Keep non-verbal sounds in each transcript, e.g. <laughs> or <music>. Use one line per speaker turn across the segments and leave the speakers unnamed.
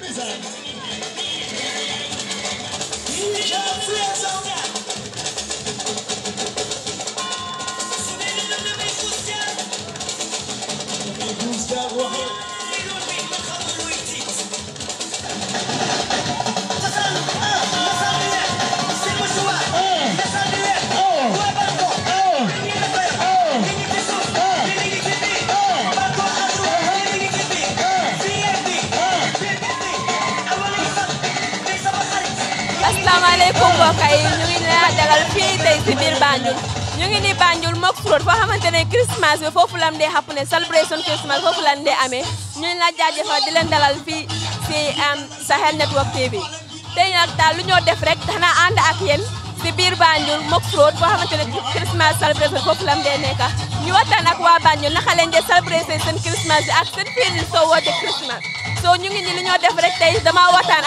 Bizarre.
mbokk yi ñu ngi fii tey si biir Banjul ñu ni Banjul Mok Road foo xamante ne Christmas bi foofu lam dee xapp ne celebration Christmas foofu lam dee amee ñu ngi la jaajëfal di leen dalal fii si um, Sahel Network TV tey nag daal lu ñoo def rek xanaa ànd ak yéen si biir Banjul Mok Road foo xamante ne Christmas celebration foofu lam dee nekka ñu waxtaan ak waa Banjul naka leen dee celebrate soo woote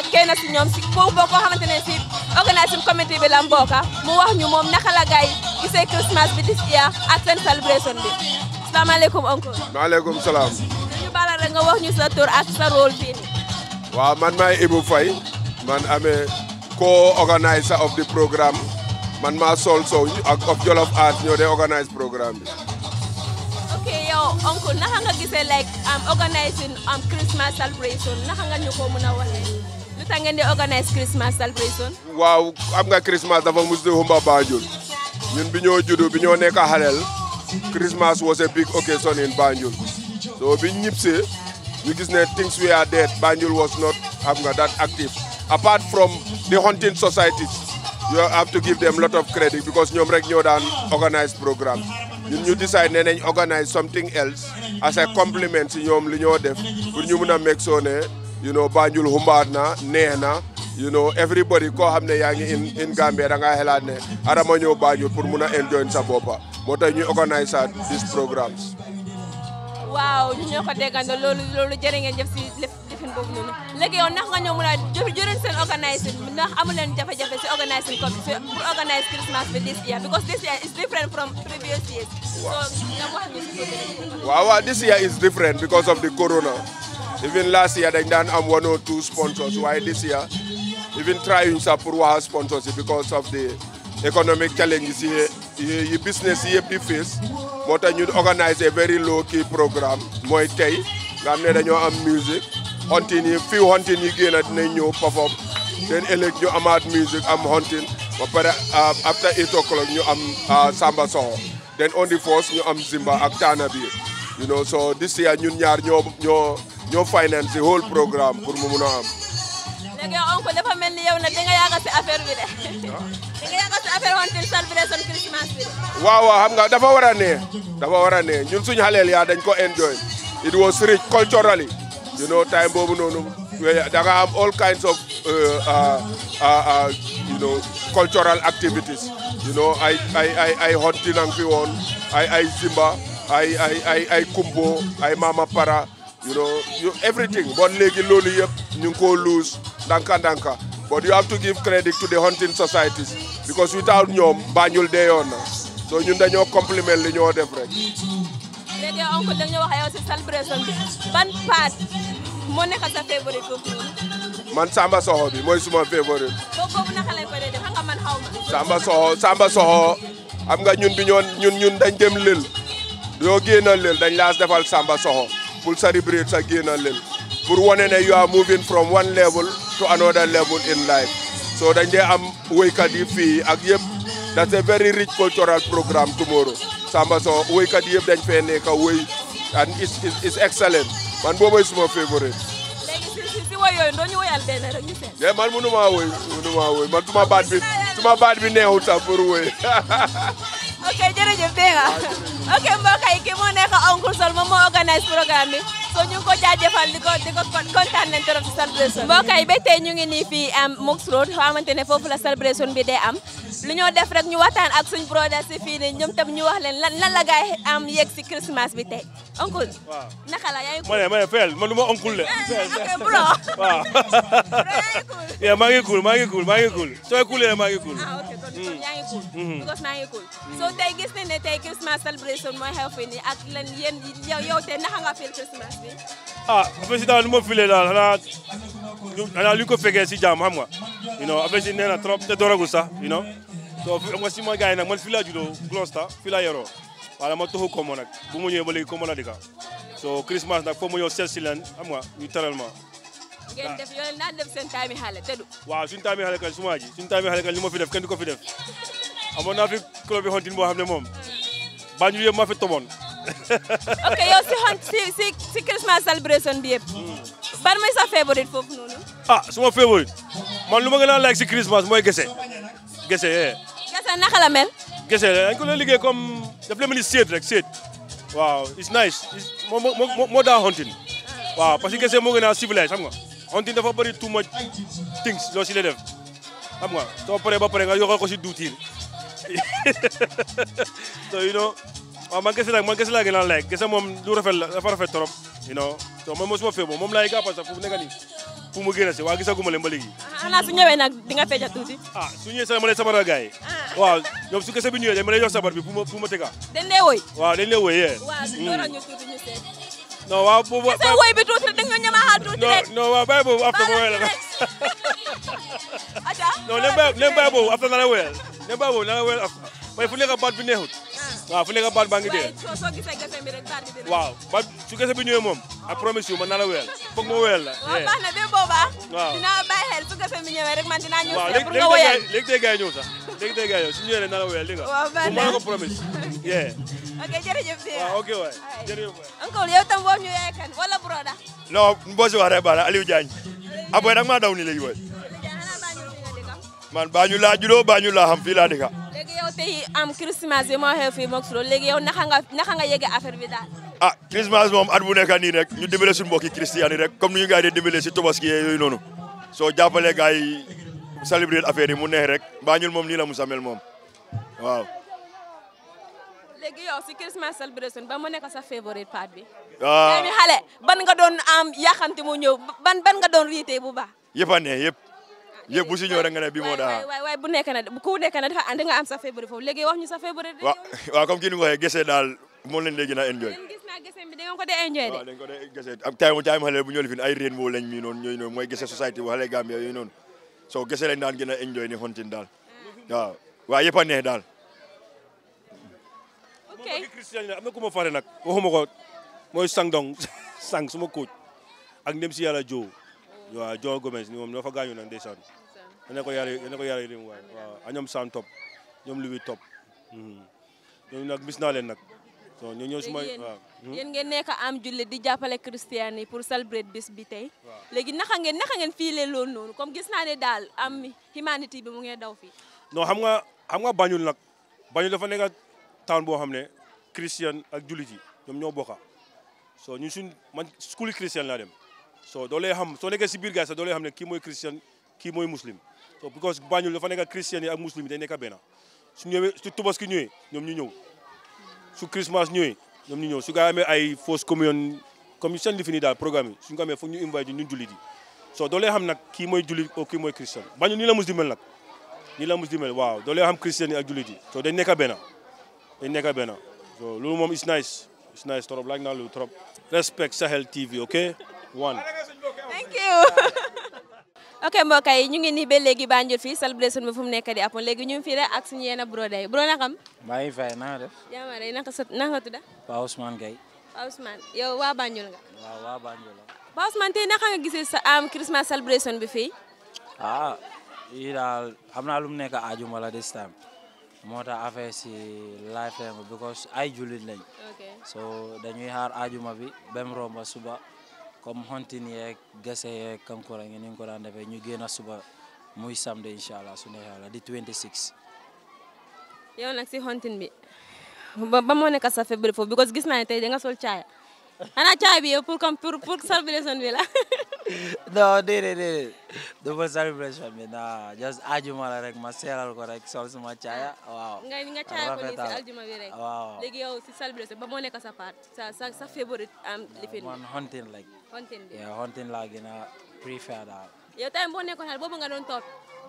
ak kenn si ñoom si organising committee bi la mu wax moom naka la gay gisee Christmas bi this year ak seen celebration bi salaamaaleykum oncle.
maaleykum salaam.
ñu baala rek nga wax sa tur ak sa rôle fii
nii. man maay Ibou Faye man amee co-organiser of the programme man maa Sol Sow ak of Art ñoo dee organise programme bi.
ok yow oncle naka nga gisee like am organising am Christmas celebration naka nga ñu ko mën a waxee. tax ngeen di
waaw am nga Christmas dafa mus di humba Banjul ñun bi ñoo juddu bi ñoo nekk xaleel Christmas was a big occasion in Banjul so bi ñibsee ñu gis ne things we are dead Banjul was not xam nga that active apart from the hunting societies you have to give them lot of credit because ñoom rek ñoo daan organise programme ñun ñu decide ne nañ something else as a compliment si ñoom li ñoo def pour ñu mun a make you know Banjul xumbaat na neex you know everybody koo xam ne yaa ngi in in Gambia da ngaa ne adama ñëw Banjul pour mun a enjoy sa moo tax ñuy organise these programmes
waaw ñu ñoo ko déggandoo loolu loolu jërë ngeen si jëfin boobu noonu léegi yow ndax nga ñëw mun a jëriñ seen organising si organise Christmas bi this year because this year is different from previous years.
waaw this year is different because of the corona. even last year dañ daan am one or two sponsors Why this year even trying to pour waa sponsors because of the economic challenges here. yi business yëpp di face But you organise a very low key programme mooy tey nga xam ne dañoo am music hunting yi few hunting yi génn dinañ ñëw perform then elect ñu amad music i am hunting But pare uh, after eight o'clock ñu am um, uh, samba soxo then on the first, ñu am um, zimba ak taana bi you know so this year you ñaar you're ñoo finance whole programme pour mu mun a am.
léegi yow oncle dafa ni yow nag di nga si affaire bi de. di nga yàgg si affaire wantil celebration Christmas bi.
waaw waaw nga dafa war ñun suñu xaleel yaa dañ ko enjoy it was rich culturally you know time boobu noonu da am all kinds of uh, uh, uh, cultural activities you know ay ay ay ay ay Zimba ay Kumbo ay Mama you know you everything bon léegi loolu yëpp ñu ngi ko lose danka danka but you have to give credit to the hunting societies because without ñoom Banjul deeyoon na so ñun dañoo compliment li ñoo def rek.
léegi oncle da nga wax yow si celebration bi ban part moo nekk sa favorite foofu
man Samba Soxo bi mooy suma favorite.
boobu naka lay paree def xam nga man xaw
ma. Samba Soxo Samba Soxo xam nga ñun du ñoon ñun ñun dañ dem lël yoo génn lël dañ laas defal Samba Soxo. will celebrate again a little. pour wane ne you are moving from one level to another level in life so dañ dee am wake yi fii ak that's a very rich cultural programme tomorrow Samba Sow woykat yi yëpp then fee nekk woy and it's it's excellent man boobu my favorite Yeah, man mënuma woy mënuma woy man suma baat bi suma baat bi neexul sax pour woy <laughs>
ok jërëjëf dégg nga ok mbokk yi ki moo nekk Oncle moom moo organise programme bi ñu ngi ko jaajëfal di ko di ko kontaan nañ trop ci celebration mbokk yi ñu ngi nii am um, Mox Road xamante ne foofu la celebration bi dee am lu ñoo def rek ñu waxtaan ak suñ broda si fii nii tam ñu wax leen lan lan la gaay am yegg si Christmas bi tey oncle naka la yaa ngi cool ma
ne ma ne eh, <laughs> yaa maa ngi cool maa ngi cool maa ngi cool sooy cool yaa maa ngi cool
so tey gis nañ ne tey Christmas celebration mooy xew fii nii tey naka nga Christmas bi
ah président nu ma filee daal xanaa xanaa li ko fekkee si jàmm xam nga you know affaire si nee trop te dooragu sax so am nga si ma gars yi nag man fii laa juddoo Glonsta fii laa yoroo voilà ma toxu Kombo nag bu ma ñëwee ba léegi Kombo laa dëkk so Christmas nag foofu ma ñëw seet si leen
naan def seen taami xale te du
waaw suñu taami kan suma ji suñu taami xale kan li fi def kenn du ko fi def amoon naa fi club bi xontin boo ne moom baa ñu yëpp fi toboon
<laughs> ok yow si Christmas celebration bi yëpp hmm. ban mooy sa favorite foofu noonu
ah suma favorite man lu ma gën a like si Christmas la naka la gese dañ ko liggéey comme daf la mel ni séet rek séet waaw it's nice moo moo moo daa hunting waaw parce que gese moo gën a civilisé xam nga hunting dafa bëri too much things loo si lay def xam nga soo paree ba pare nga yokkal ko si duutiir <laughs> so you know waaw man gese laa gën a like gese moom lu rafet la dafa rafet trop you know so man moo suma fee moom laay gàppal sax fu mu nekk nii fu mu génn si waa gisaguma leen ba léegi.
Ah, ana su ñëwee nag di nga
waaw ñoom su kese bi ñëwee dañ ma lay jox sabar bi pour ma pour ma tëgga.
dañ lay woy. waaw
dañ lay woy yee. waaw looloo mm.
ñu tuuti ñu seet.
non waaw boobu. kese woy bi tuuti rek da nga ñëw ñama xaal tuuti waaw bàyyi boobu ma woyal la.
<laughs> boobu after na la
woyal leen bàyyi boobu na la woyal after baat bi neexut. Ah. waaw fu nekk baat baa ngi dee. waaw baat su kese bi ñëwee moom I promise you man I la Fuck my will. weel la. waaw baax
na bi boobaa. waaw dinaa bàyyi xel su gafee mi ñëwee rek man dinaa ñëw si pour nga
weel léegi tey promise. yeah.
jërëjëf Dya waaw ok waay ah, uncle yow tam boo ñu yaay kan wala broda.
non boo si wax rek baax na Aliou Diagne. aboy nag maa daw ni léegi waay.
man Christmas
ah Christmas mom at bu nekk nii rek ñu dimbale suñu mbokk christian rek comme ñu gaay yi di dimbale si tobaski yoy nonu so jappalé gaay yi célébrer affaire yi mu neex rek mbaa ñun moom nii la mu samel mom waaw.
légui yow ci Christmas celebration ba mo nek sa favorite part bi. waaw ah. mi xalé ban nga don am yaxanti mu ñew ban ban nga don rité bu ba
yëpp ané ne yëpp. bu ci ñew rek nga né bi mo da waay
waay bu nek na ku nek na dafa and nga am sa favorite foofu légui wax ñu sa favorite.
wa waaw comme ki ñu nga gessé dal mo leen légui na enjoy.
gese bi da ngeen ko dee enjoy
de waaw dañ bu ñëw fi ay reen boobu lañ mi noonu ñooy noonu mooy gese society waxale Gambia yooyu noonu soo gese lañ daan gën a enjoy ni xontin daal mm. waaw waaw yëpp a daal ok christian am na ku ma fare nag waxuma ko mooy sang dong <laughs> sang suma kóoc ak ndem si yàlla joo waaw joo Gomez ni moom dafa gaañu nag ndeysaan ne ko yàlla ne ko yàlla yërëm waay waaw a ñoom saan topp ñoom luwi topp mm-hmm. ñoom nag mis naa leen nag so ñu ñëw suma waaw hmm?
ngeen nekk am jullit di jàppale christian yi pour célébrer bis bi tey léegi naka ngeen naka ngeen fiilee loolu noonu comme gis naa ne daal am humanity bi mu ngi daw fii
non xam nga xam nga bañul nag bañul dafa nekk town boo xam christian ak jullit yi ñoom ñoo bokka so ñu suñ man school christian laa dem so doo lay xam soo nekkee si biir gaay sax doo lay xam ne kii mooy christian kii mooy muslim so because bañul dafa nekk christian yi ak muslim yi day nekk benn su ñëwee su tubaski ñëwee ñoom ñu ñëw su Christmas ñëwee ñoom ñu ñëw su gaa amee ay fausse communion comme seen li fi nii daal programme yi suñ ko amee foog ñu invité ñun jullit yi soo doo lee xam nag kii mooy jullit o kii mooy christian bañu nii la mus nag nii la mus di mel waaw doo lee xam christian yi ak jullit yi soo dañ nekk benn dañ nekk benn so loolu moom is nice is nice trop laaj naa loolu trop respect Sahel TV ok one
thank you <laughs> ok mbok yi ñu ngi nii ba léegi Banjul fii celebration bi fu mu nekk di apoon léegi ñu fi re ak suñu yena bro day bro na xam
ngi fay na def
yama re rey naka sa naka nga tudda
Paa Ousmane wa
Paa Ousmane yow wa Banjul nga
wa wa Banjul
la Ousmane tey nga gisee sa am Christmas celebration bi fi
ah yi daal xam lu mu nekk aajuma la this time Mota affaire ci life because ay julit lañ so dañuy xaar aajuma bi bem romba suba comme xontin yeeg gese yeeg kankura ngi ni ñu ko daan ñu génn suba muy samedi incha allah su neexee yàlla di 26.
yow nag si xontin bi ba ba moo nekk sa faible foofu because gis naa ne tey danga sol caaya xanaa caaya bi yow pour comme pour pour <laughs>
non déedéet déedéet dafa celebration bi non just ajuma la rek ma seeral ko rek sol suma caaya waaw. nga nga caaya ko nii si aljuma bi rek. waaw léegi
yow si celebration ba moo nekk sa part sa sa sa favorite am lifin. man hunting like. hunting bi
yeah hunting laa gën a préfère daal.
yow tamit boo nekkoon xel boobu nga doon topp.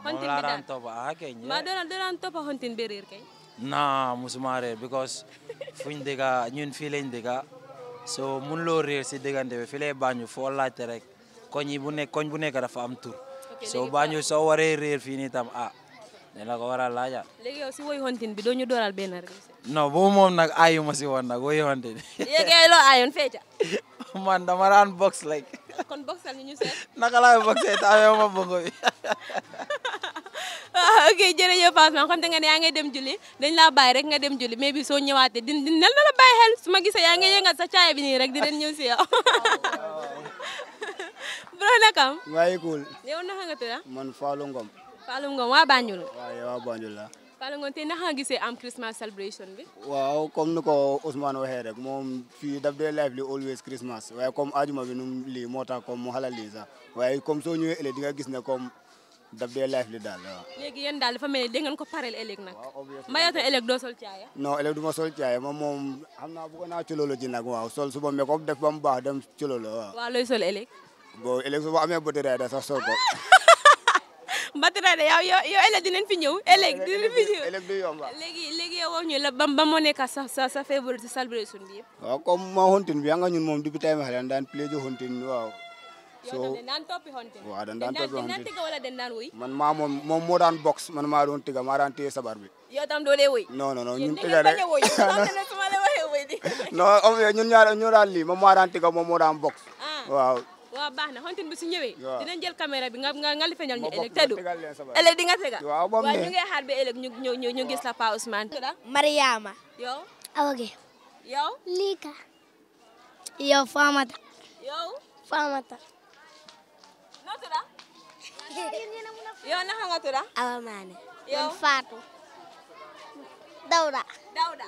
hunting bi daal moom laa daan
topp ah kay. maa doon
doon topp hunting bi réer kay.
non musuma réer because fuñ dëkka ñun fii lañ dëkka so mun loo réer si diggante bi fii lay bañu foo laajte rek. koñ yi bu nekk koñ bu nekk dafa am tur soo Banjul soo waree réer fii nii tam ah ne la ko war a laaja
léegi yow si woy hontin bi doo ñu dooral benn rek
non boobu moom nag aayu ma si woon nag woy hontin
yéegee <laughs> loo aayoon feeca
<laughs> man dama daan box like <laughs> kon box ñu ñu seet naka laay boxee te amee ma bëgg bi
waaw ah, ok jërëjëf Fatma xam te nga ne yaa ngay dem julli dañ laa bàyyi rek nga dem julli mais bi soo ñëwaatee din din nel na la bàyyi xel su ma gisee yaa ngay yëngal sa caaya bi nii rek di den ñëw si yow ah, bro naka am. maa ngi cool. nga tudd
man Fallou Ngom.
Fallou Ngom waa Banjul.
waaw yow waa Banjul la.
Fallou Ngom tey naka nga gisee am Christmas celebration bi.
waaw comme ni ko Ousmane waxee rek moom fii daf dee live li always Christmas waaye comme ajuma bi nu lii moo tax comme mu xalal lii waaye comme soo ñëwee ëllëg di nga gis na comme daf dee live li daal waaw.
léegi yéen daal dafa mel ni dégg ngeen ko pareel ëllëg nag. waaw obviously mbaa doo sol caaya.
non ëllëg du ma sol caaya ma moom xam naa bëggoon naa ci loolu ji nag waaw sol suba mbéy ko def ba mu baax dem boo ëllëg su boo amee bëti da de sax sol ko <laughs>
bëti rey de yow yow ëllëg dinañ fi ñëw ëllëg dinañ
fi ñëw ëllëg du yomba
léegi léegi yow wax ñu la ba ba moo
ma ma xelen daan daan toppi hontin dan tiga
wala den man
maa moom moom moo daan box man maa doon tiga maa sabar bi
yow tam doo dee woy
non non ñun tiga <laughs> rek lii moom maa daan tiga moom moo daan box ah. waaw
waaw ah, baax na xontin bi su ñëwee dinañ jël caméra bi nga nga nga li feñal ñu ëllëg tëdu ëllëg di nga tega waaw ñu ngi xaar ba Yo. ñu ñu gis la Pa Ousmane Mariama yow Yo. yow Lika
yow Famata yow Famata
noo <laughs> yow naka nga tudd Awa yow Fatou Dawda Dawda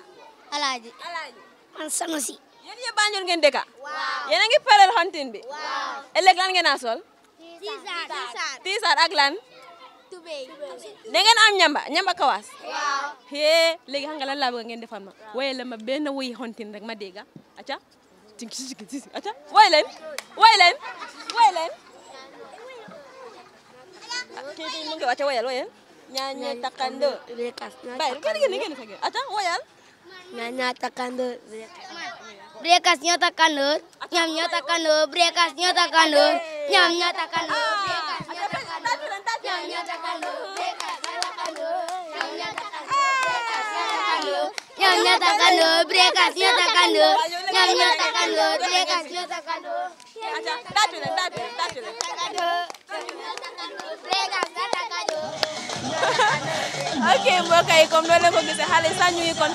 Alaaji Alaaji man Sanosi yéen yëpp Banjul ngeen deka? waaw yéen a hunting bi. waaw ëllëg lan ngeen a sol. tiisaat tiisaat ak lan. tubéy da ngeen am ñamba ñamba kawas? waaw hee léegi xam nga lan laa bëgg ngeen defal ma. waaye ma benn wuy hunting rek ma dégg acca acca way leen way leen way leen. Ah, kii bi mu ngi wàcce wayal wayal. ñaaña takandoo.
bay kër gi ni ngeen di fekkee acca wayal. ñaaña brekas nyatakan lo, nyam nyatakan lo, brekas nyatakan lo, nyam nyatakan lo. brekas nyata kanur,
nyam nyata kanur, brekas nyata kanur,
nyam nyatakan kanur, brekas nyatakan kanur, nyam nyata kanur, brekas nyata kanur, nyam ko gisee xale sax ñu kon